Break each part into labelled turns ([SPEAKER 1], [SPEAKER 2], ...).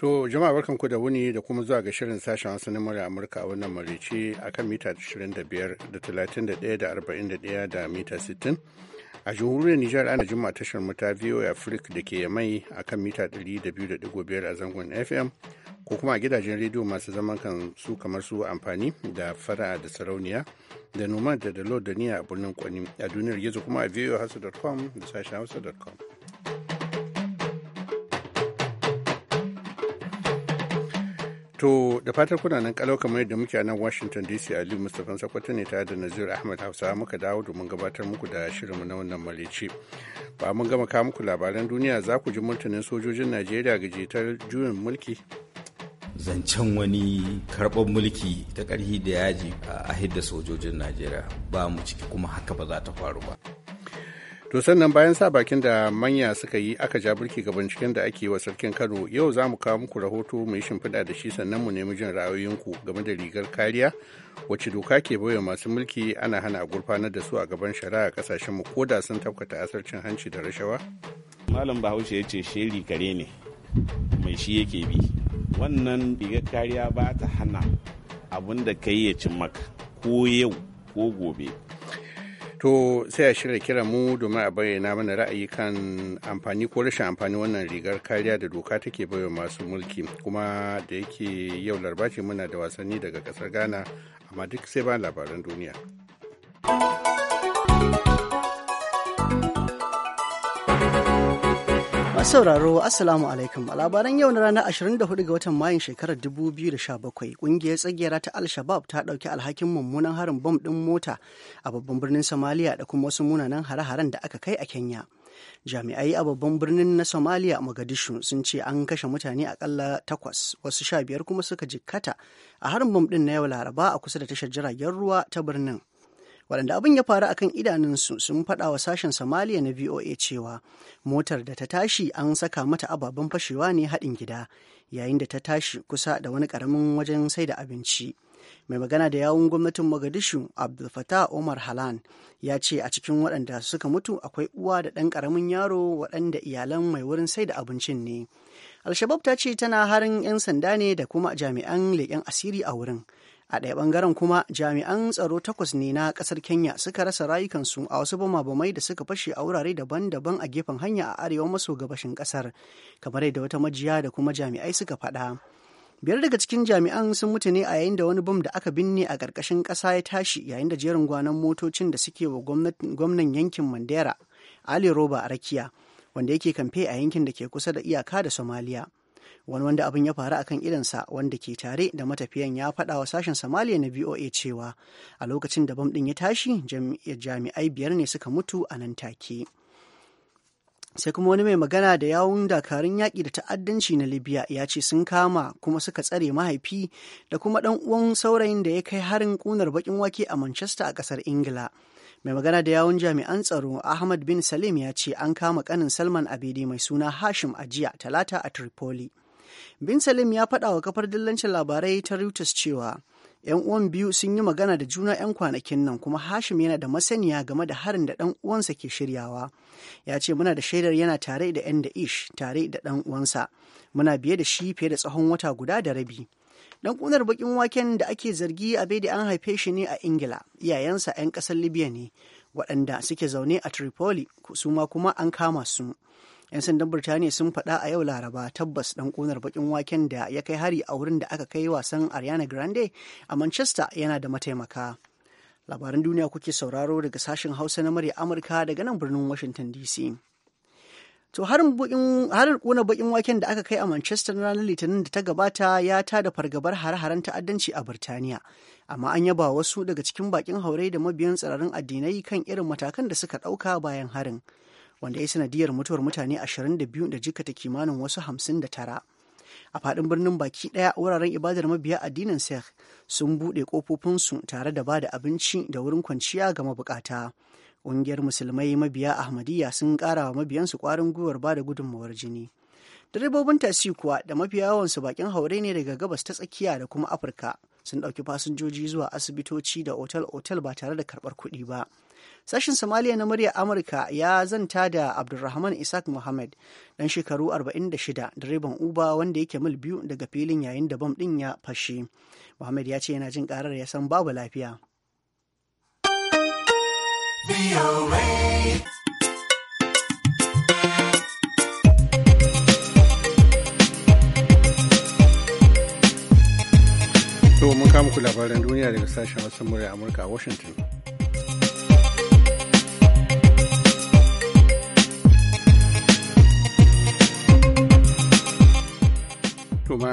[SPEAKER 1] To jama'a ku da wuni da kuma zuwa ga shirin sashen wasu na murya Amurka a wannan marici a kan mita 25 da 31 da 41 da mita 60. A jamhuriyar Nijar ana jima tashar mu ta VOA Africa da ke mai a kan mita 200.5 a zangon FM ko kuma a gidajen rediyo masu zaman kan su kamar su amfani da fara'a da sarauniya da noma da da da niya a birnin kwani a duniyar gizo kuma a voahasu.com da sashen hausa.com. To da fatar kuna nan kalau kamar yadda muke a nan Washington DC Ali Mustapha Sakwato ne tare da Nazir ahmed Hausa muka dawo domin gabatar muku da shirinmu na wannan malici. Ba mun gama kawo muku labaran duniya za ku ji martanin sojojin Najeriya ga jitar juyin mulki.
[SPEAKER 2] Zancen wani karɓar mulki ta ƙarfi da yaji a ahidda sojojin Najeriya ba mu ciki kuma haka ba za ta faru ba.
[SPEAKER 1] to sannan bayan sa bakin da manya suka yi aka ja burki ga binciken da ake wa sarkin kano yau za mu kawo muku rahoto mai shimfiɗa da shi sannan mu nemi jin ra'ayoyinku game da rigar kariya wacce doka ke baiwa masu mulki ana hana a gurfanar da su a gaban shari'a kasashen mu koda sun tafkata asarcin hanci da rashawa malam bahaushe ya ce sheri kare ne mai shi yake bi wannan rigar kariya ba ta hana abin da ka ya cin maka ko yau ko gobe To sai a shirya kira mu domin a bayyana mana ra'ayi kan amfani ko rashin amfani wannan rigar kariya da doka take baiwa masu mulki kuma da yake yau larba muna da wasanni daga kasar Ghana amma duk sai ba labaran duniya.
[SPEAKER 3] A sauraro Assalamu alaikum a labaran yau na ranar 24 ga watan Mayun shekarar 2017 kungiyar tsagera ta al shabab ta ɗauki alhakin mummunan harin bom ɗin mota a babban birnin Somalia da kuma wasu munanan hare-haren da aka kai a Kenya. jami'ai a babban birnin na somalia Magadishu sun ce an kashe mutane akalla takwas wasu sha biyar kuma suka jikkata a harin bom din na yau laraba a kusa da tashar jiragen ruwa ta birnin waɗanda abin ya faru akan idanunsu sun faɗa wa sashen somaliya na voa cewa motar da ta tashi an saka mata ababen fashewa ne haɗin gida yayin da ta tashi kusa da wani ƙaramin wajen sai da abinci mai magana da yawun gwamnatin mogadishu abdulfatah omar halan ya ce a cikin waɗanda suka mutu akwai uwa da ɗan ƙaramin yaro waɗanda iyalan mai wurin sai da abincin ne alshabab ta ce tana harin 'yan sanda ne da kuma jami'an leƙen asiri a wurin a ɗaya ɓangaren kuma jami'an tsaro takwas ne na ƙasar kenya suka rasa rayukansu a wasu bamabamai da suka fashe a wurare daban-daban a gefen hanya a arewa maso gabashin ƙasar kamar yadda wata majiya da kuma jami'ai suka faɗa biyar daga cikin jami'an sun mutu ne a yayin da wani bam da aka binne a ƙarƙashin ƙasa ya tashi yayin da jerin gwanon motocin da suke wa gwamnan yankin mandera ali roba a rakiya wanda yake kamfe a yankin da ke kusa da iyaka da somaliya wani wanda abin ya faru akan idansa wanda ke tare da matafiyan ya faɗa wa sashen somaliya na voa cewa a lokacin da bam ɗin ya tashi jami'ai biyar ne suka mutu a nan take sai kuma wani mai magana da yawun dakarun yaƙi da ta'addanci na libya ya ce sun kama kuma suka tsare mahaifi da kuma ɗan uwan saurayin da ya kai harin ƙunar baƙin wake a manchester a ƙasar ingila mai magana da yawun jami'an tsaro ahmad bin salim ya ce an kama kanin salman abidi mai suna hashim a jiya talata a tripoli bin salim ya faɗa wa kafar dillancin labarai ta reuters cewa 'yan uwan biyu sun yi magana da juna 'yan kwanakin nan kuma hashim yana da masaniya game da harin da ɗan uwansa ke shiryawa ya ce muna da shaidar yana tare da 'yan da ish tare da ɗan uwansa muna biye da shi fiye da tsawon wata guda da rabi dan kunar bakin waken da ake zargi a da an haife shi ne a ingila iyayensa 'yan ƙasar libya ne waɗanda suke zaune a tripoli su ma kuma an kama su 'yan sandan birtaniya sun faɗa a yau laraba tabbas ɗan konar bakin waken da ya kai hari a wurin da aka kai wasan ariana grande a manchester yana da mataimaka labaran duniya kuke sauraro daga sashen hausa na murya amurka daga nan birnin washington dc to harin kuna bakin waken da aka kai a manchester ranar litinin da ta gabata ya ta da fargabar har haren ta'addanci a birtaniya amma an yaba wasu daga cikin bakin haurai da mabiyan tsirarin addinai kan irin matakan da suka ɗauka bayan harin wanda ya sanadiyar mutuwar mutane 22 da jikata kimanin wasu 59 a faɗin birnin baki ɗaya wuraren ibadar mabiya addinin sikh sun buɗe ƙofofinsu tare da bada abinci da wurin kwanciya ga mabukata ƙungiyar musulmai mabiya ahmadiyya sun ƙara wa mabiyansu ƙwarin gwiwar ba da gudunmawar jini direbobin tasi kuwa da mafi yawansu bakin haure ne daga gabas ta tsakiya da kuma afirka sun ɗauki fasinjoji zuwa asibitoci da otal-otal ba tare da karbar kuɗi ba Sashen Somalia na muryar Amurka ya zanta da Abdulrahman Isaac Mohammed, dan shekaru 46 direban Uber wanda yake mil biyu daga filin yayin da bom ɗin ya fashe. Mohammed ya ce yana jin karar ya san babu lafiya.
[SPEAKER 1] To mun kama ku labaran duniya daga sashen wasan murya Amurka a Washington. To To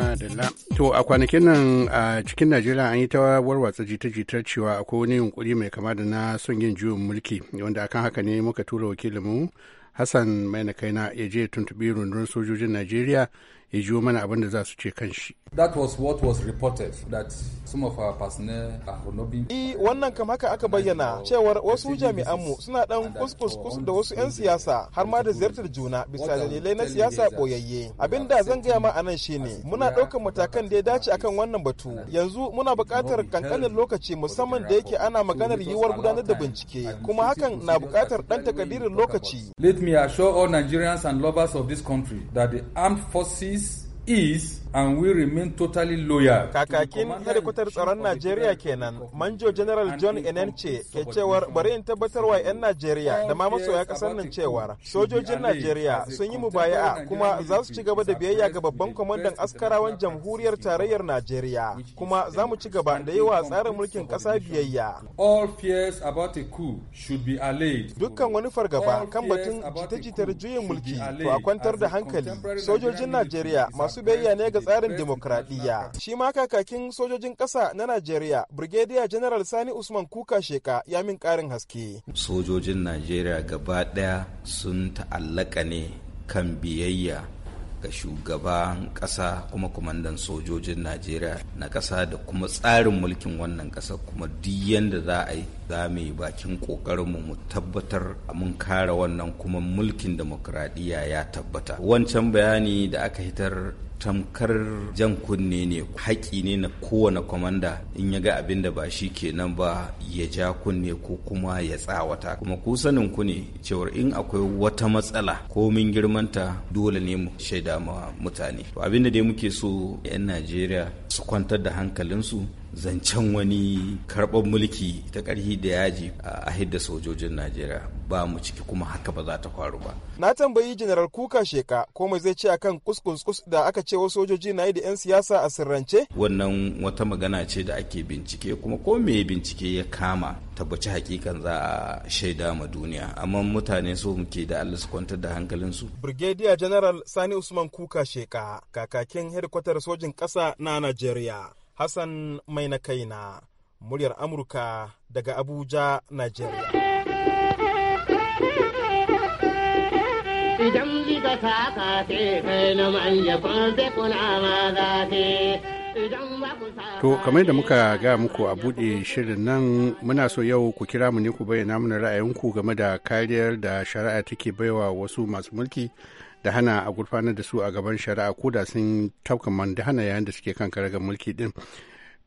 [SPEAKER 1] a kwanakin nan a cikin Najeriya an yi ta warwatsa jita-jitar cewa akwai wani yunkuri mai kama da na son yin juyin mulki wanda akan haka ne muka tura wakilinmu Hassan Maina Kaina ya je tuntuɓi rundunar sojojin Najeriya ya jiwo mana abin da za su ce kan shi.
[SPEAKER 4] That was what was reported that some of our personnel are not being... I wannan kam haka aka bayyana cewar wasu jami'anmu suna dan kuskus da wasu 'yan siyasa har ma da ziyartar juna bisa dalilai na siyasa boyayye. Abin da zan gaya ma anan shine muna ɗaukar matakan da ya dace akan wannan batu. Yanzu muna buƙatar kankanin lokaci musamman da yake ana maganar yiwuwar gudanar da bincike kuma hakan na buƙatar ɗan takadirin lokaci.
[SPEAKER 2] Let me assure all Nigerians and lovers of this country that the
[SPEAKER 4] armed forces is and we remain totally loyal. Kakakin hedikwatar tsaron Najeriya kenan, Manjo General John Enenche ke cewar bari in tabbatar wa 'yan Najeriya da ma masoya kasar nan cewar sojojin Najeriya sun yi mubaya'a kuma za su ci gaba da biyayya ga babban kwamandan askarawan jamhuriyar tarayyar Najeriya kuma za mu ci gaba da yi wa tsarin mulkin ƙasa biyayya. All fears about a coup should be allayed. Dukkan wani fargaba kan batun jita-jitar juyin mulki to a kwantar da hankali sojojin Najeriya masu biyayya ne ga tsarin demokradiyya shi ma kakakin sojojin ƙasa na najeriya brigadier general sani usman kuka sheka ya min ƙarin haske
[SPEAKER 2] sojojin najeriya gaba ɗaya sun ta'allaka ne kan biyayya ga shugaban ƙasa kuma kumandan sojojin najeriya na ƙasa da kuma tsarin mulkin wannan ƙasa kuma duk yadda za a yi za mu yi bakin ƙoƙarinmu mu tabbatar mun kare wannan kuma mulkin demokradiyya ya tabbata wancan bayani da aka hitar tamkar jan kunne ne haƙi ne na kowane kwamanda in ya ga abin da ba shi kenan ba ya ja kunne ko kuma ya tsawata kuma ku sanin ku ne cewar in akwai wata matsala Ko min girmanta dole ne mu shaida ma mutane to abin da dai muke so 'yan najeriya su kwantar da hankalinsu zancen wani karɓar mulki ta ƙarfi da yaji a hidda sojojin najeriya ba mu ciki kuma haka ba za ta faru ba
[SPEAKER 4] na tambayi janaral kuka sheka ko mai zai ce akan kuskus da aka ce wasu sojoji na yi da 'yan siyasa a sirrance
[SPEAKER 2] wannan wata magana ce da ake bincike kuma ko me bincike ya kama tabbaci hakikan za a shaida ma duniya amma mutane so muke da allah su kwantar da hankalinsu
[SPEAKER 4] brigadier general sani usman kuka sheka kakakin hedkwatar sojin ƙasa na najeriya Hassan mai na kaina muryar Amurka daga Abuja, Najeriya.
[SPEAKER 5] Idan saka ce kai na
[SPEAKER 1] To kamar da muka ga muku a buɗe shirin nan muna so yau ku kira mu ne ku bayyana mana ra'ayinku game da kariyar da shari'a take baiwa wasu masu mulki da hana a gurfanar da su a gaban shari'a ko da sun tafka man da hana yayin da suke kan karagar mulki din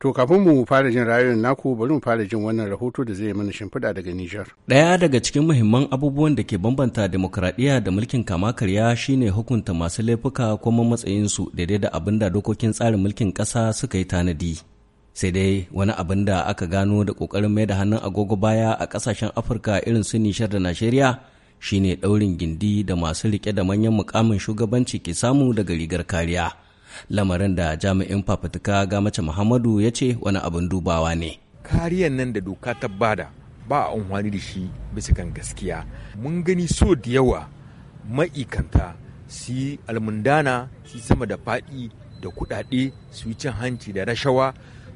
[SPEAKER 1] To kafin mu fara jin ra'ayoyin naku bari mu fara jin wannan rahoto da zai mana shimfiɗa daga Nijar.
[SPEAKER 5] Ɗaya daga cikin muhimman abubuwan da ke bambanta demokradiyya da mulkin kama karya shine hukunta masu laifuka kuma su daidai da abin da dokokin tsarin mulkin ƙasa suka yi tanadi. Sai dai wani abin da aka gano da ƙoƙarin mai da hannun agogo baya a ƙasashen Afirka irin su Nijar da Najeriya shine ɗaurin gindi da masu rike da manyan mukamin shugabanci ke samu daga rigar kariya lamarin da jami'in fafutuka ga mace muhammadu ya ce wani abin dubawa ne kariyan nan da doka ta bada ba a amfani da shi
[SPEAKER 2] bisa kan gaskiya mun gani so da yawa ma'ikanta su yi almundana su sama da faɗi da kuɗaɗe su yi cin hanci da rashawa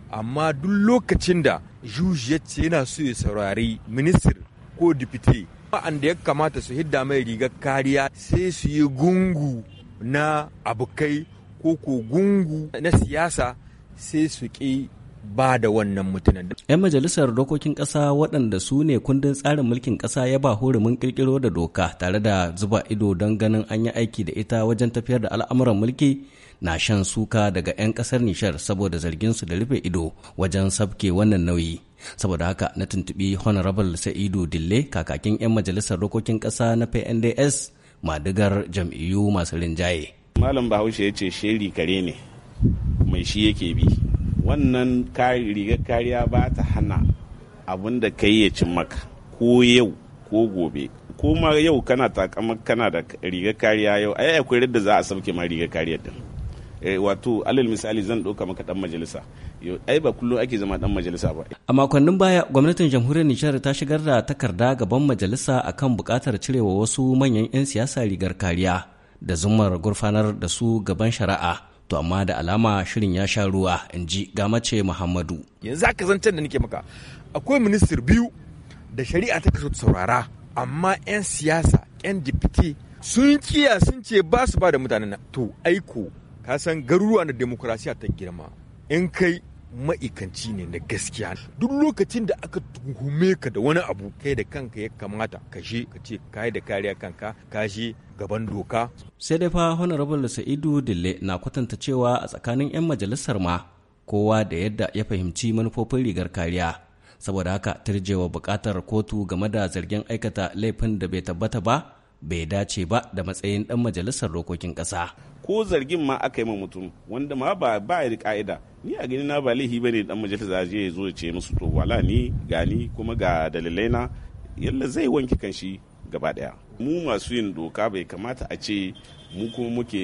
[SPEAKER 2] amma duk lokacin da juji ya ce yana so ya saurari ministir ko dipite waɗanda ya kamata su hidda mai rigar kariya sai su yi gungu na abokai ko ko gungu na siyasa sai su ƙi
[SPEAKER 5] ba da wannan mutunan. 'Yan majalisar dokokin ƙasa waɗanda su ne kundin tsarin mulkin ƙasa ya ba hurumin ƙirƙiro da doka tare da zuba ido don ganin an yi aiki da ita wajen tafiyar da al'amuran mulki na shan suka daga 'yan ƙasar nishar saboda zargin su da rufe ido wajen sabke wannan nauyi. saboda haka na tuntubi honorable sa'idu dille kakakin 'yan majalisar dokokin ƙasa na pnds madigar jam'iyyu masu
[SPEAKER 6] rinjaye malam bahaushe ya ce sheri kare ne mai shi yake bi wannan rigar kariya ba ta hana abin da ka ya cin maka ko yau ko gobe ko ma yau kana takamakana kana da rigar kariya yau ai akwai da za a sauke ma rigar kariya. din Eh, wato alal misali zan ɗauka maka ɗan majalisa ai ba kullum ake zama ɗan majalisa ba
[SPEAKER 5] a makonnin baya gwamnatin jamhuriyar nijar ta shigar da takarda gaban majalisa akan buƙatar cirewa wasu manyan 'yan siyasa rigar kariya da zumar gurfanar da su gaban shari'a to amma da alama shirin ya sha ruwa in ji gamace muhammadu
[SPEAKER 2] yanzu aka zancen da nake maka akwai ministir biyu da shari'a ta kaso saurara amma 'yan siyasa 'yan dipiti sun kiya sun ce ba su ba da mutanen to aiko ka san garuruwa na demokrasiya ta girma in kai ma'ikanci ne na gaskiya duk lokacin da aka tuhume ka da wani abu kai da kanka
[SPEAKER 5] ya kamata ka je ka ce ka da kariya kanka ka je gaban doka sai dai fa honorable sa'idu dille na kwatanta cewa a tsakanin 'yan majalisar ma kowa da yadda ya fahimci manufofin rigar kariya saboda haka turjewa bukatar kotu game da zargin aikata laifin da bai tabbata ba bai dace ba da matsayin dan majalisar rokokin
[SPEAKER 6] ƙasa. ko zargin ma aka yi mutum wanda ma ba ba ya ka'ida ni a gani na ba laifi bane dan majalisar zaje ya zo ya ce musu to wala ni gani kuma ga dalilai na yalla zai wanke kanshi gaba daya mu masu yin doka bai kamata a ce mu kuma muke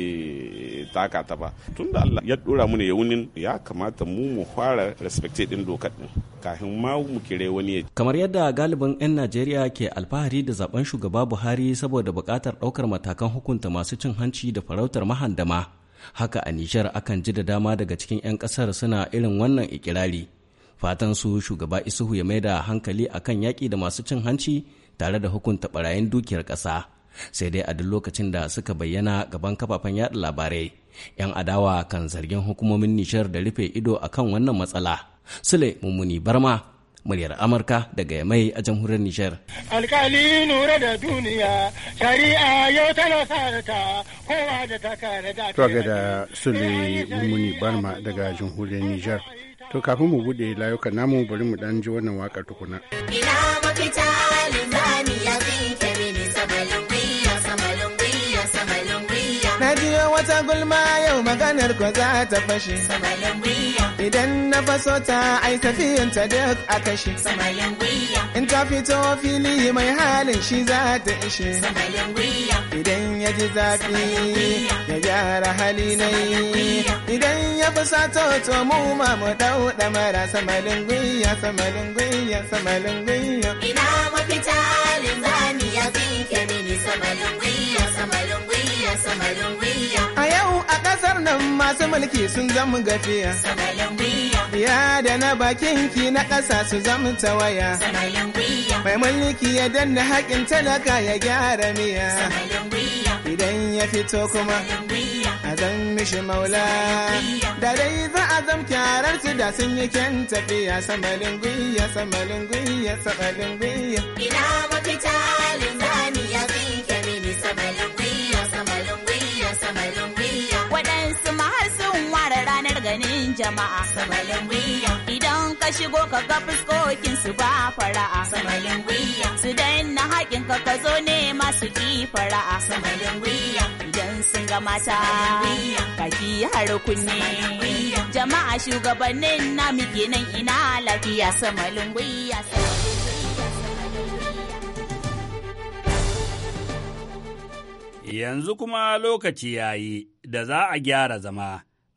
[SPEAKER 6] taka ta ba tun da Allah ya dora mu ne yaunin ya kamata mu mu fara respecte din dokar din kafin ma mu kire wani kamar yadda galibin 'yan Najeriya
[SPEAKER 5] ke alfahari da zaben shugaba Buhari saboda bukatar daukar matakan hukunta masu cin hanci da farautar mahandama haka a Nijar akan ji da dama daga cikin 'yan kasar suna irin wannan ikirari fatan su shugaba Isuhu ya maida hankali akan yaki da masu cin hanci tare da hukunta barayin dukiyar ƙasa sai dai a duk lokacin da suka bayyana gaban kafafen yada labarai 'yan adawa kan zargin hukumomin nishar da rufe ido akan wannan matsala sule mummuni barma muryar amurka daga yamai a jamhuriyar nijar
[SPEAKER 7] alkali nura da duniya shari'a yau tana sarata kowa
[SPEAKER 1] da ta kare da ta da sule mummuni barma daga jamhuriyar nijar to kafin mu bude layuka namu bari mu dan ji wannan wakar tukuna
[SPEAKER 8] ina mafita limani wata gulma yau maganar ko za ta fashe. Idan na faso ta ai tafiyan ta duk a kashe. In ta fito fili mai halin shi za ta ishe. Idan ya ji zafi ya gyara hali na yi. Idan ya sato to mu ma mu dau mara samalin gwiya samalin gwiya samalin gwiya. Ina mafita linzani ya fi mini samalin gwiya samalin gwiya samalin gwiya. nan masu mulki sun zama gafiya. Ya da na bakin ki na ƙasa su zama tawaya. Mai mulki ya danna haƙin talaka ya gyara miya. Idan ya fito kuma, a zan mishi maula. Da dai za a zam kyarar su da sun yi kyan tafiya. Samalin gwiya, samalin gwiya, samalin gwiya. Ina mafita linzami ya fi mini samalin
[SPEAKER 7] maganin jama'a. Samalin wiya. Idan ka shigo ka ga fuskokin su ba fara'a. Samalin wiya. Su danna haƙin ka ka zo ne masu ki fara'a. Samalin wiya. Idan sun ga mata. Kaki har kunne. Jama'a shugabannin na muke nan ina lafiya. Samalin wiya.
[SPEAKER 2] Yanzu kuma lokaci yayi da za a gyara zama.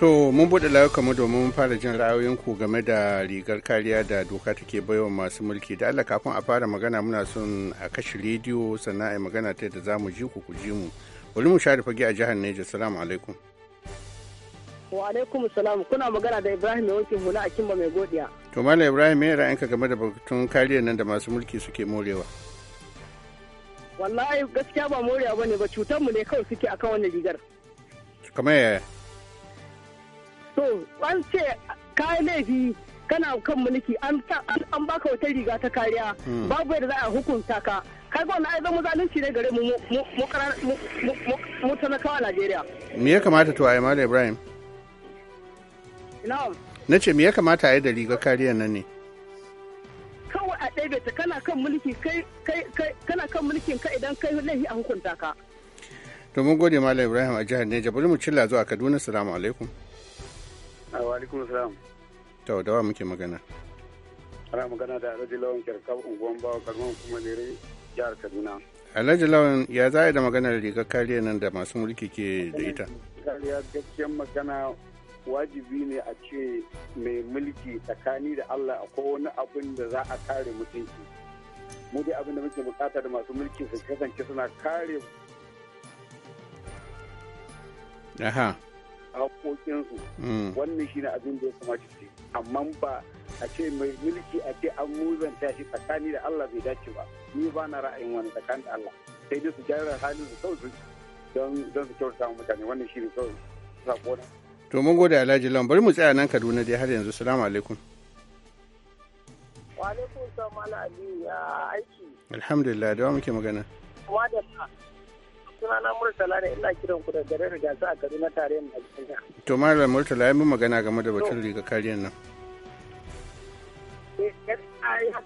[SPEAKER 1] To mun buɗe layuka mu domin fara jin ra'ayoyinku game da rigar kariya da doka take baiwa masu mulki da Allah kafin a fara magana muna son a kashe rediyo sannan a magana ta yadda za mu ji ku ku ji mu. Bari mu share fage a jihar Neja. Salamu alaikum.
[SPEAKER 7] Wa alaikum salam kuna magana da Ibrahim mai wankin hula a Kimba mai godiya.
[SPEAKER 1] To Malam Ibrahim me ra'ayinka game da batun kariyar nan da masu mulki suke morewa?
[SPEAKER 7] Wallahi gaskiya ba morewa bane ba cutar mu ne kawai suke akan wannan rigar. Kamar yaya? so an ce kayi laifi kana kan mulki an baka wata riga ta kariya hmm. babu yadda za a hukunta ka kai ba ai zama zalunci ne gare mu mu talakawa Najeriya.
[SPEAKER 1] Me ya kamata to a yi Malam Ibrahim? Na ce me ya kamata a yi da riga kariya nan ne?
[SPEAKER 7] Kawai a ɗaya ta kana kan mulki
[SPEAKER 5] kana kan mulkin ka idan kai laifi a hukunta ka.
[SPEAKER 1] To mun gode Malam Ibrahim a jihar Neja bari mu cilla zuwa Kaduna salamu alaikum.
[SPEAKER 7] Ah, wa alaikum
[SPEAKER 5] salam.
[SPEAKER 1] To dawa muke magana.
[SPEAKER 9] Ana magana da Alhaji Lawan Kyarkar unguwan Bawa Kalman kuma Lere jihar Kaduna.
[SPEAKER 1] Alhaji Lawan ya za da maganar rigar kariya nan da masu mulki ke da ita.
[SPEAKER 9] Kariya gaskiyar magana wajibi ne a ce mai mulki tsakani da Allah a kowane abin da za a kare mutunci. Mu dai abin da muke bukata da masu mulki su kasance suna kare. Aha. haƙoƙinsu hmm. wannan shi ne abin da ya kamata su amma ba a ce mai mulki a ce an muzanta shi tsakani da Allah bai dace ba ni ba na ra'ayin wani tsakani da Allah sai dai su gyara halin su kawai don don su kyauta mutane wannan shi ne kawai sako na.
[SPEAKER 1] to mun gode Alhaji Lawan bari mu tsaya nan Kaduna dai har yanzu salamu alaikum.
[SPEAKER 7] wa alaikum salam Aliyu ya aiki.
[SPEAKER 1] alhamdulillah da wa muke magana.
[SPEAKER 7] kuma da sunana Murtala ne ina kiran ku da garin rigasa a Kaduna tarayyar Najeriya.
[SPEAKER 1] To Malam Murtala ya bi magana game da batun riga kariyar nan.
[SPEAKER 7] Eh, ya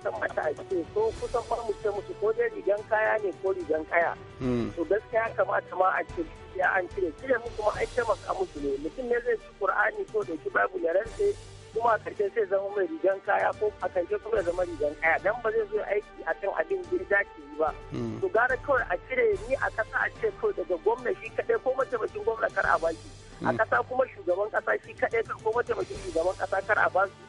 [SPEAKER 7] kamata a ce ko kusan ma ce musu ko dai rigan kaya ne ko rigan kaya. Hmm. To gaskiya ya kamata ma a ce ya an cire cire musu ma ai taimaka musu ne mutum ne zai ci Qur'ani ko da ki babu ya rantse kuma a karshen sai zama mai rigan kaya ko a karshen kuma zama rigan kaya dan ba zai zo aiki a kan abin da ya dace ba hmm. to gara kawai a cire ni a kasa a ce kawai daga gwamna shi kaɗai ko mataimakin gwamna kar a baki a kasa hmm. kuma shugaban kasa shi kaɗai ko mataimakin shugaban kasa kar a basu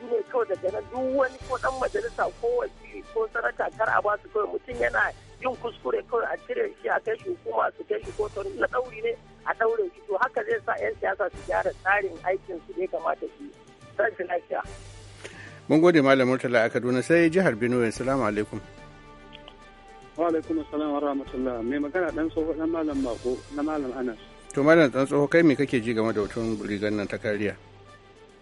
[SPEAKER 7] su ne kawai daga nan duk wani ko dan majalisa ko wakili ko saraka kar a basu kawai mutum yana yin kuskure kawai a cire shi a kai shi hukuma su kai shi kotun na ɗauri ne a ɗaure shi to haka zai sa 'yan siyasa su gyara tsarin aikin su ne kamata shi. lafiya.
[SPEAKER 1] Mun gode Malam Murtala a Kaduna sai jihar Benue. Salamu alaikum.
[SPEAKER 9] Wa alaikum assalam wa rahmatullah. Mai magana dan tsoho dan Malam Mako na Malam Anas.
[SPEAKER 1] To Malam dan tsoho kai me kake ji game da hoton rigar nan ta kariya?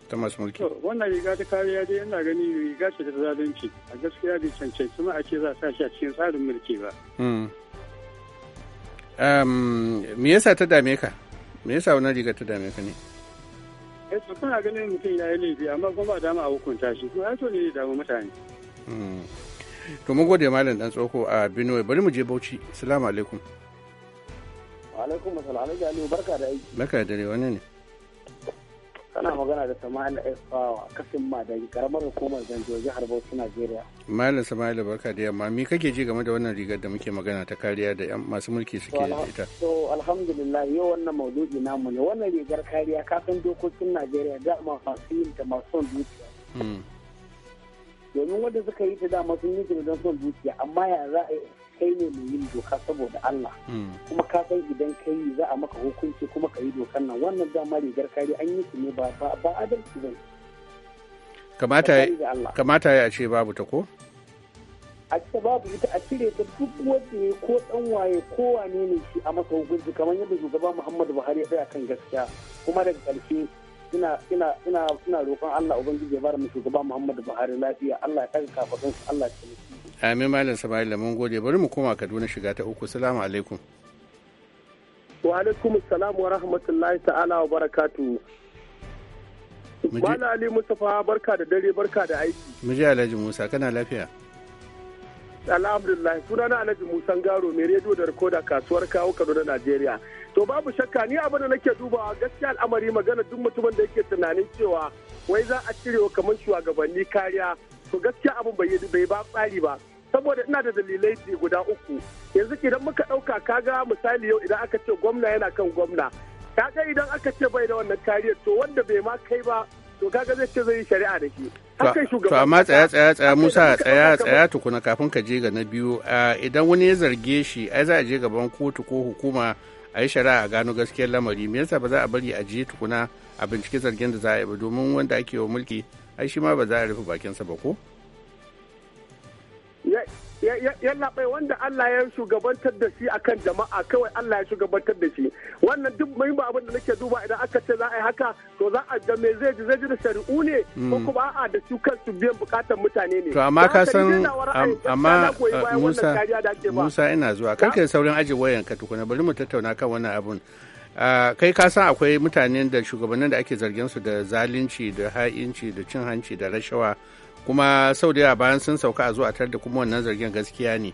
[SPEAKER 1] Ta masu mulki.
[SPEAKER 9] Wannan riga ta kariya dai ina gani riga ce ta zalunci. A gaskiya da cancanci ma a ce za a sa shi a cikin tsarin mulki ba.
[SPEAKER 1] Hmm. Me yasa ta dame ka? Me yasa wannan riga ta dame ka ne?
[SPEAKER 9] Eh, to kuna ganin mutum ya yi laifi amma kuma ba dama a hukunta shi to to ne damu mutane
[SPEAKER 1] hmm. to mun gode malam dan tsoko a Benue bari mu je Bauchi assalamu alaikum
[SPEAKER 9] wa alaikum assalam alaikum barka da aiki
[SPEAKER 1] barka da dare wannan ne
[SPEAKER 9] kana magana da samail Esfawa kafin da karamar hukumar Zanjo jihar Bauchi Najeriya.
[SPEAKER 1] Malam Sama'ila barka da yamma me kake ji game da wannan rigar da muke magana ta kariya da yan masu mulki suke da ita?
[SPEAKER 9] To alhamdulillah yau wannan
[SPEAKER 7] maudu'i namu ne wannan rigar kariya kafin dokokin Najeriya da masu yin ta masu son dukiya. Hmm. Domin wanda suka yi ta dama sun yi ta don son dukiya amma ya
[SPEAKER 9] za a yi kai ne mai yin doka saboda Allah hmm. kuma ka san idan ka yi za a maka hukunci kuma ka yi dokan nan wannan dama rigar kare an yi su ne ba ba adalci ba
[SPEAKER 1] kamata ya ce babu ta ko
[SPEAKER 9] a ce babu ita a cire ta duk wanda ya ko dan waye ko wane ne shi a maka hukunci kamar yadda shugaba Muhammadu Buhari ya tsaya kan gaskiya kuma daga ƙarshe ina ina roƙon Allah ubangiji ya bar mu shugaba Muhammadu Buhari lafiya Allah ya kaga kafaɗin Allah ya
[SPEAKER 1] Amin Malam Sama'ila mun gode bari mu koma Kaduna shiga ta uku. Salamu alaikum.
[SPEAKER 9] Wa alaikum salam wa rahmatullahi ta'ala wa barakatu. Mala Ali Mustapha barka da dare barka da aiki.
[SPEAKER 1] Mu Alhaji Musa kana lafiya?
[SPEAKER 9] Alhamdulillah sunana Alhaji Musa Garo mai rediyo da rikoda kasuwar kawo Kaduna Najeriya. To babu shakka ni abin da nake dubawa gaskiya al'amari magana duk mutumin da yake tunanin cewa wai za a cire wa kamar shugabanni kariya to gaskiya abin bai ba tsari ba saboda ina da dalilai guda uku yanzu idan muka ɗauka kaga misali yau idan aka ce gwamna yana kan gwamna kaga idan aka ce bai da wannan kariya to wanda bai ma kai ba to kaga zai ce zai yi shari'a da shi to
[SPEAKER 1] amma tsaya tsaya tsaya musa tsaya tsaya tukuna kafin ka je ga na biyu idan wani ya zarge shi ai za a je gaban kotu ko hukuma a yi shari'a a gano gaskiyar lamari me yasa ba za a bari a je tukuna a bincike zargin da za a yi ba domin wanda ake wa mulki ai shi ma ba za a rufe bakinsa ba ko
[SPEAKER 9] yalla bai wanda Allah ya shugabantar da shi akan jama'a kawai Allah ya shugabantar da shi wannan duk mai ba abin da nake duba idan aka ce za a yi haka to za a ga me zai ji zai da shari'u ne ko hmm. kuma a'a da su kansu biyan bukatar mutane ne to amma ka san amma uh, Musa
[SPEAKER 1] Musa ina zuwa karka saurin aji wayan ka tukuna bari mu tattauna kan wannan abun Ah, kai ka san akwai mutanen da shugabannin da ake zargin su da zalunci da ha'inci da cin hanci da rashawa kuma sau da yawa bayan sun sauka a zo a tar da kuma wannan zargin gaskiya ne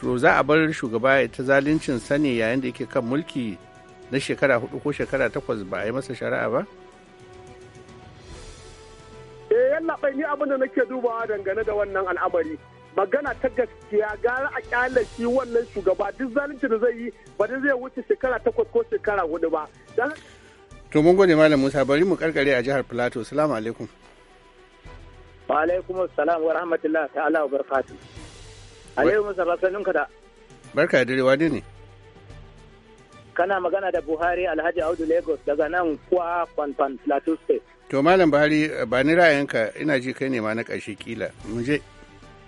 [SPEAKER 1] to za a bar shugaba ta zaluncin sani yayin da yake kan mulki na shekara hudu ko shekara takwas ba a yi masa shari'a ba?
[SPEAKER 9] Eh, yalla ni abin da nake dubawa dangane da wannan al'amari. magana ta gaskiya gara a kyalar shi wannan shugaba duk zalunci da zai yi ba zai wuce shekara takwas ko shekara hudu ba
[SPEAKER 1] to mun gode malam musa bari mu karkare a jihar plateau salamu alaikum
[SPEAKER 7] wa alaikum assalam wa rahmatullah ta'ala wa barakatuh alaikum musa ba sanin ka da
[SPEAKER 1] barka da rewa ne
[SPEAKER 7] kana magana da buhari alhaji audu lagos daga nan kuwa kwanton plateau state
[SPEAKER 1] to malam buhari ba ni ra'ayinka ina ji kai ne ma na ƙarshe kila mu je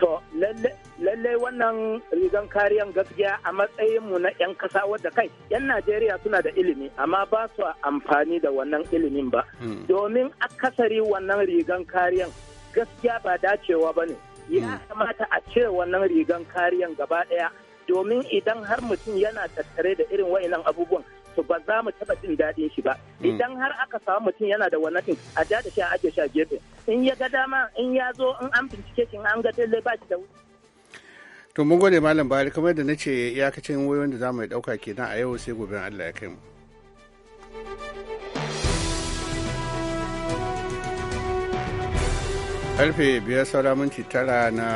[SPEAKER 7] To lallai wannan rigan kariyan gaskiya a matsayin mu na 'yan kasa wadda kai 'yan Najeriya suna da ilimi amma ba su amfani da wannan ilimin ba. Hmm. Domin akasari wannan rigan kariyan gaskiya ba dacewa ba ne. Ya hmm. kamata a ce wannan rigan kariyan gaba ɗaya domin idan har mutum yana tattare da irin wa'inan abubuwan to ba za mu taɓa jin daɗin
[SPEAKER 1] shi ba. Hmm. Idan
[SPEAKER 7] har aka samu mutum yana da wannan a ja da shi a ajiye shi a gefe. in ya ga dama in ya zo in an bincike shi an ga lalle ba shi da wuce
[SPEAKER 1] to mun gode malam bari kamar da nace iyakacin wayoyin da zamu dauka kenan a yau sai gobe Allah ya kai mu karfe biyar saura minti tara na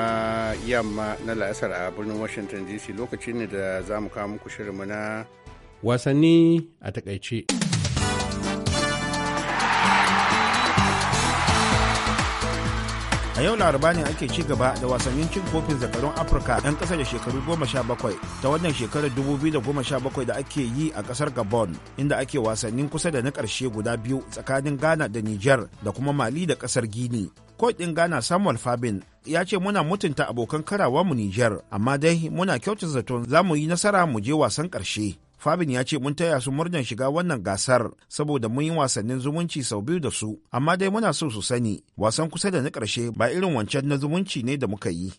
[SPEAKER 1] yamma na la'asar a birnin washington dc lokaci ne da za mu kawo muku shirinmu na wasanni a takaice.
[SPEAKER 10] a yau laraba ne ake ci gaba da wasannin cin kofin zakarun afirka 'yan ƙasa da shekaru 17 ta wannan shekarar 2017 da ake yi a ƙasar gabon inda ake wasannin kusa da na ƙarshe guda biyu tsakanin ghana da niger da kuma mali da ƙasar gini ɗin ghana samuel fabin ya ce muna mutunta abokan karawa mu niger amma dai muna kyautar zaton za mu yi nasara mu je wasan ƙarshe Fabin ya ce mun taya su murnar shiga wannan gasar saboda mun yi wasannin zumunci sau biyu da su, amma dai muna so su sani wasan kusa da na ƙarshe ba irin wancan na zumunci ne da muka yi.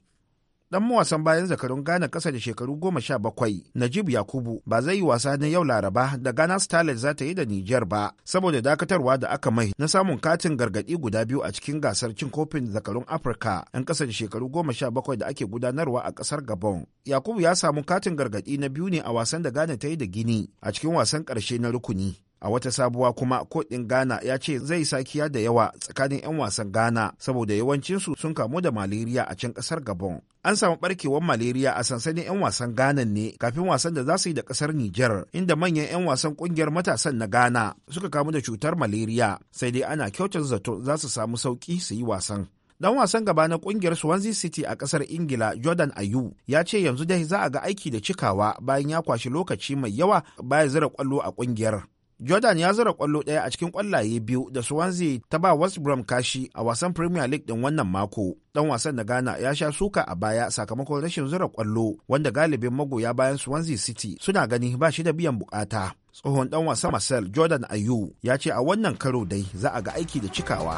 [SPEAKER 10] dan wasan bayan zakarun Ghana kasa da shekaru goma sha bakwai Najib Yakubu ba zai yi wasa na yau Laraba da Ghana Starlet za ta yi da Nijar ba saboda dakatarwa da aka mai na samun katin gargadi guda biyu a cikin gasar cin kofin zakarun Afirka yan kasa da shekaru goma sha bakwai da ake gudanarwa a kasar Gabon. Yakubu ya samu katin gargadi na biyu ne a wasan da Ghana ta yi da Gini a cikin wasan karshe na rukuni. a wata sabuwa kuma kodin ghana ya ce zai sakiya da yawa tsakanin 'yan wasan ghana saboda yawancinsu sun kamu da maleriya a can kasar gabon an samu barkewar maleriya a sansanin 'yan wasan ghana ne kafin wasan da za su yi da kasar niger inda manyan 'yan wasan kungiyar matasan na ghana suka kamu da cutar maleriya sai dai ana kyautar zato za su samu sauki su yi wasan dan wasan gaba na kungiyar Swansea City a kasar Ingila Jordan Ayu ya ce yanzu dai za a ga aiki da cikawa bayan ya kwashi lokaci mai yawa bayan zira kwallo a kungiyar. Jordan ya zura kwallo ɗaya a cikin kwallaye biyu da Swansea ta ba West Brom kashi a wasan Premier League ɗin wannan mako. ɗan wasan na Ghana ya sha suka a baya sakamakon rashin zura kwallo wanda galibin magoya bayan Swansea City suna gani ba shi da biyan bukata. Tsohon ɗan wasan Marcel Jordan Ayew ya ce a wannan karo dai za a ga aiki da cikawa.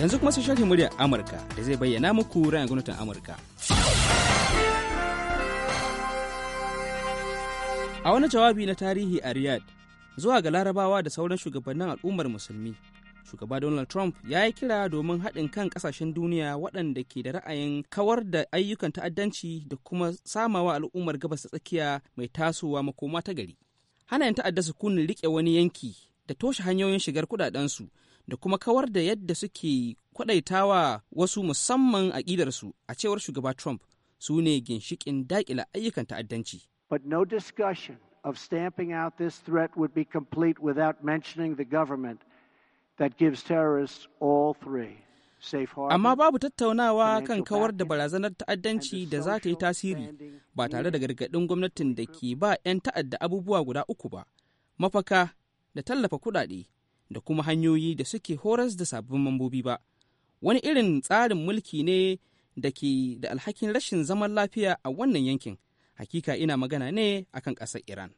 [SPEAKER 11] Yanzu kuma sai sharhin muryar Amurka da zai bayyana muku ra'ayin gwamnatin Amurka. A wani jawabi na tarihi a Riyadh, zuwa ga larabawa da sauran shugabannin al'ummar musulmi, shugaba Donald Trump ya yi kira domin haɗin kan ƙasashen duniya waɗanda ke da ra'ayin kawar da ayyukan ta'addanci da kuma samawa al'ummar gabas ta tsakiya mai tasowa makoma ta gari. Hana yin ta'adda su kunni riƙe wani yanki da toshe hanyoyin shigar kuɗaɗensu da kuma kawar da yadda suke kwaɗaitawa wasu musamman aƙidarsu a cewar shugaba Trump su
[SPEAKER 1] ne ginshiƙin daƙila ayyukan ta'addanci. But no discussion of stamping out this threat would be complete without mentioning the government that gives terrorists all three. Amma babu tattaunawa kan kawar
[SPEAKER 11] da barazanar ta'addanci da za ta yi tasiri ba tare da gargaɗin gwamnatin da ke ba 'yan ta'adda abubuwa guda uku ba, mafaka da tallafa kuɗaɗe da kuma hanyoyi da suke horas da sabbin mambobi ba. Wani irin tsarin mulki ne da ke da alhakin rashin zaman lafiya a wannan yankin. hakika ina magana ne akan ƙasar iran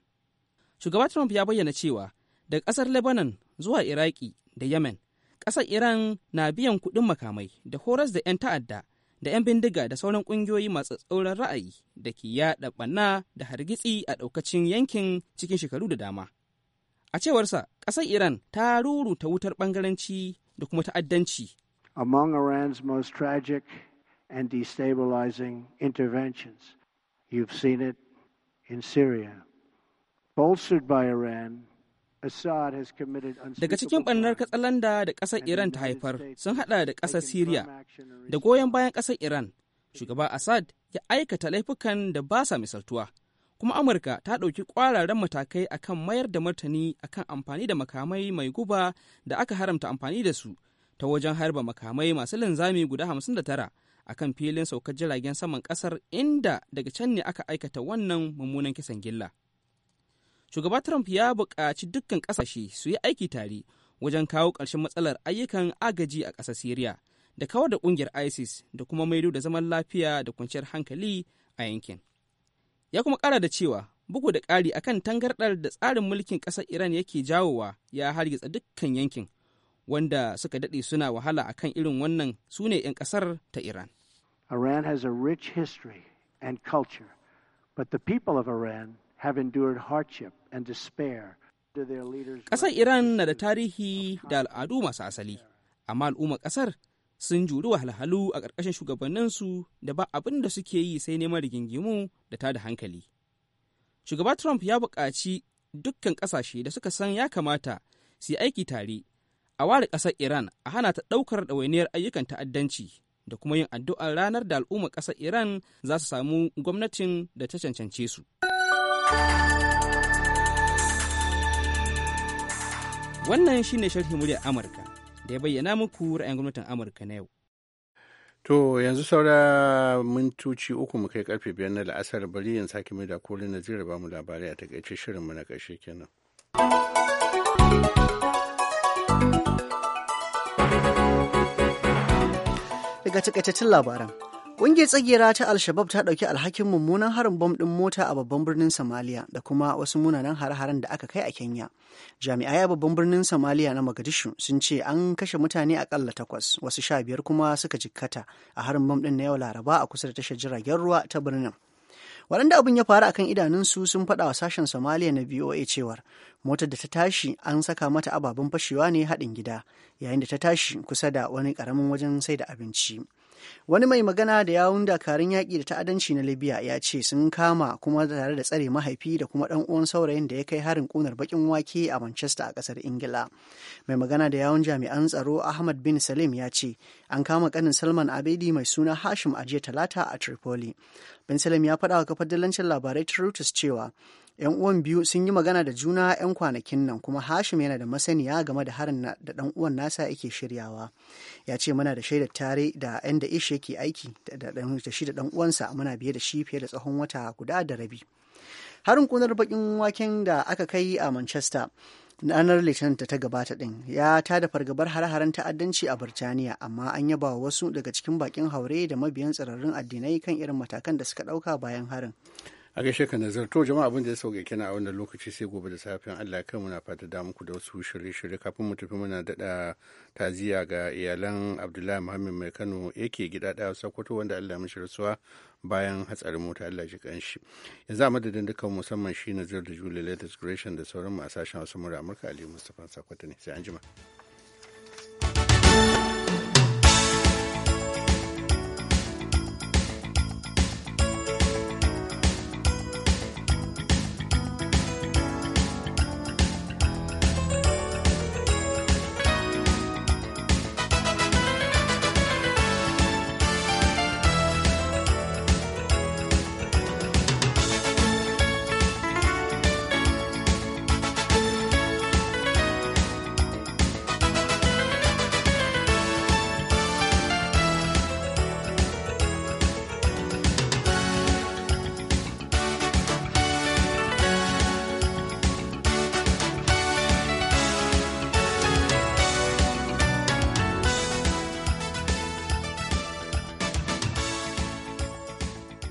[SPEAKER 11] shugaba trump ya bayyana cewa daga ƙasar lebanon zuwa iraki da yemen ƙasar iran na biyan kuɗin makamai da horas da 'yan ta'adda da 'yan bindiga da sauran ƙungiyoyi masu tsauran ra'ayi da ke yaɗa ɓanna da hargitsi a ɗaukacin yankin cikin shekaru da dama a cewarsa ƙasar iran ta ruruta wutar ɓangaranci da kuma ta'addanci
[SPEAKER 1] among iran's most tragic and destabilizing interventions You've seen it in Syria. Bolstered by Iran, Daga cikin
[SPEAKER 11] ɓannar katsalanda da ƙasar Iran ta haifar sun haɗa da ƙasar Syria, da goyon bayan ƙasar Iran, shugaba Assad ya aikata laifukan da ba sa misaltuwa. Kuma Amurka ta ɗauki ƙwararren matakai akan mayar da martani akan amfani da makamai mai guba da aka haramta amfani da su ta wajen harba makamai masu linzami guda hamsin da tara a kan filin saukar jiragen saman kasar inda daga can ne aka aikata wannan mummunan kisan gilla shugaba trump ya buƙaci dukkan ƙasashe su yi aiki tare wajen kawo ƙarshen matsalar ayyukan agaji a ƙasar syria da kawar da ƙungiyar isis da kuma maido da zaman lafiya da kwanciyar hankali a yankin ya kuma ƙara da cewa bugu da ƙari akan tangarɗar da tsarin mulkin ƙasar iran yake jawowa ya hargitsa dukkan yankin wanda suka daɗe suna wahala akan irin wannan su ne 'yan ƙasar ta Iran.
[SPEAKER 1] Iran has a rich history and culture, but the people of Iran have endured hardship and despair.
[SPEAKER 11] Ƙasar Iran na da tarihi da al'adu masu asali, amma al'ummar ƙasar sun juri wahalhalu a ƙarƙashin shugabanninsu da ba abin da suke yi sai neman rigingimu da ta da hankali. Shugaba Trump ya buƙaci dukkan ƙasashe da suka san ya kamata su yi aiki tare a ware ƙasar iran a hana ta ɗaukar ɗawainiyar ayyukan ta'addanci da kuma yin addu'ar ranar da al'ummar ƙasar iran za su samu gwamnatin da ta cancance su wannan shine sharhi muryar amurka da ya bayyana muku ra'ayin gwamnatin amurka na yau
[SPEAKER 1] To yanzu saura mintoci uku mu kai karfe biyar na la'asar bari yin sake mai da kolin na zira ba mu labarai a takaice shirinmu na ƙarshe kenan.
[SPEAKER 3] Daga takaitaccen labaran, ƙungiyar tsagera ta Alshabab ta ɗauki alhakin mummunan harin bom ɗin mota a babban birnin Somalia da kuma wasu munanan har haren da aka kai a Kenya. Jami'ai a babban birnin Somalia na Mogadishu sun ce an kashe mutane akalla takwas, wasu sha biyar kuma suka jikkata a harin bom ɗin na yau Laraba a kusa da tashar jiragen ruwa ta birnin. waɗanda abin ya faru akan idanunsu sun faɗa wa sashen somaliya na voa cewar motar da ta tashi an saka mata ababen fashewa ne haɗin gida yayin da ta tashi kusa da wani ƙaramin wajen sai da abinci wani mai magana da yawun dakarun yaƙi da ta'adanci na libya ya ce sun kama kuma tare da tsare mahaifi da kuma ɗan uwan saurayin da ya kai harin ƙunar baƙin wake a manchester a ƙasar ingila mai magana da yawun jami'an tsaro ahmad bin salim ya ce an kama ƙanin salman abedi mai suna hashim a jiya talata a tripoli bin salim ya faɗa wa kafar dalancin labarai cewa 'yan uwan biyu sun yi magana da juna 'yan kwanakin nan kuma hashim yana da masaniya game da harin da dan uwan nasa yake shiryawa ya ce muna da shaidar tare da 'yan da ishe yake aiki da shi da dan uwansa muna biye da shi fiye da tsawon wata guda da rabi harin kunar bakin waken da aka kai a manchester ranar litinin ta gabata din ya ta da fargabar har haren ta'addanci a birtaniya amma an yaba wasu daga cikin bakin haure da mabiyan tsirarrun addinai kan irin matakan da suka dauka bayan harin
[SPEAKER 1] a gaishe ka nazar to jama'a abin da ya sauke kina a wannan lokaci sai gobe da safiyan Allah kan muna fata da muku da wasu shirye-shirye kafin mu tafi muna dada taziya ga iyalan Abdullahi Muhammad mai Kano yake gida da Sokoto wanda Allah ya mishi rasuwa bayan hatsarin mota Allah shi kanshi yanzu a madadin dukkan musamman shi nazar da Julie Latest Creation da sauran masashen sashen wasu mura Amurka Ali Mustapha Sokoto ne sai anjima. jima.